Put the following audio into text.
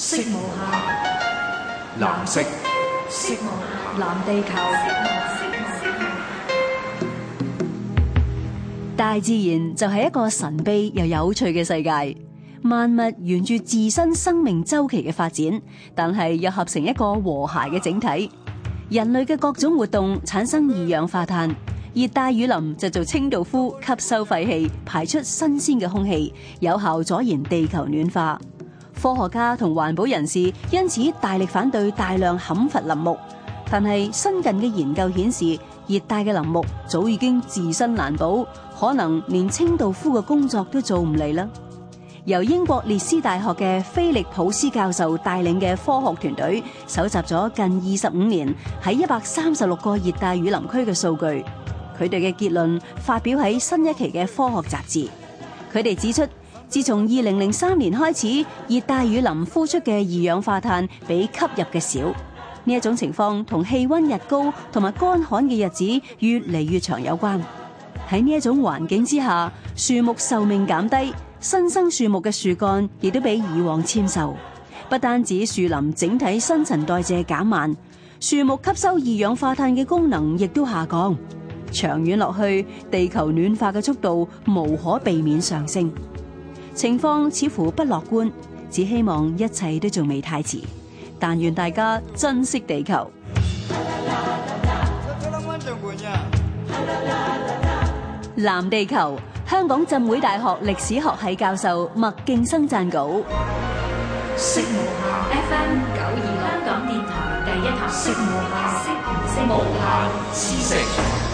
無下藍色無下，藍地球。無地球，無無大自然就係一個神秘又有趣嘅世界，萬物沿住自身生命周期嘅發展，但係又合成一個和諧嘅整體。人類嘅各種活動產生二氧化碳，熱帶雨林就做清道夫，吸收廢氣，排出新鮮嘅空氣，有效阻延地球暖化。科學家同環保人士因此大力反對大量砍伐林木，但係新近嘅研究顯示，熱帶嘅林木早已經自身難保，可能連清道夫嘅工作都做唔嚟啦。由英國列斯大學嘅菲利普斯教授帶領嘅科學團隊，搜集咗近二十五年喺一百三十六個熱帶雨林區嘅數據，佢哋嘅結論發表喺新一期嘅科學雜誌。佢哋指出。自從二零零三年開始，熱帶雨林呼出嘅二氧化碳比吸入嘅少。呢一種情況同氣溫日高同埋乾旱嘅日子越嚟越長有關。喺呢一種環境之下，樹木壽命減低，新生樹木嘅樹幹亦都比以往纖瘦。不單止樹林整體新陳代謝減慢，樹木吸收二氧化碳嘅功能亦都下降。長遠落去，地球暖化嘅速度無可避免上升。情況似乎不樂觀只希望一切都仲未太遲但願大家珍惜地球藍地球香港浸會大學歷史學系教授麥勁生撰稿 fm 九二香港電台第一台無限無限知識